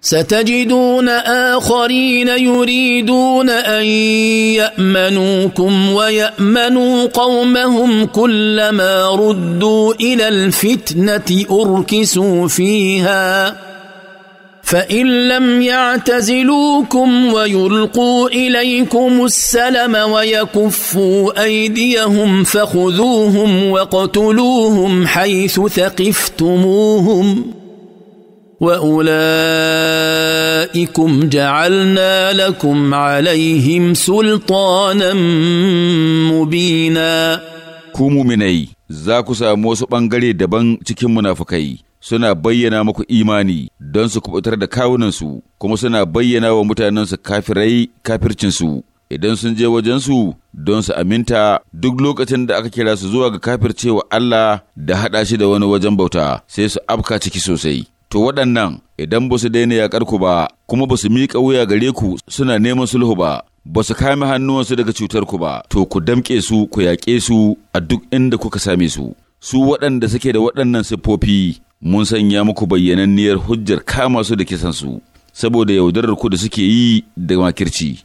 ستجدون اخرين يريدون ان يامنوكم ويامنوا قومهم كلما ردوا الى الفتنه اركسوا فيها فان لم يعتزلوكم ويلقوا اليكم السلم ويكفوا ايديهم فخذوهم وقتلوهم حيث ثقفتموهم واولئكم جعلنا لكم عليهم سلطانا مبينا ku muminai za ku samu wasu ɓangare daban cikin munafukai suna bayyana muku imani don su kubutar da kawunansu kuma suna bayyana wa mutanensu kafirai kafircinsu idan sun je wajensu don su aminta duk lokacin da aka kira su zuwa ga kafircewa Allah da haɗa shi da wani wajen bauta sai su afka ciki sosai. to waɗannan idan ba su daina yaƙar ku ba kuma ba su miƙa wuya gare ku suna neman sulhu ba ba su kame hannuwansu daga cutar ku ba to ku damƙe su ku yaƙe su a duk inda kuka same su su waɗanda suke da waɗannan siffofi mun sanya muku bayyananniyar hujjar kama su da kisan su saboda yaudarar ku da suke yi da makirci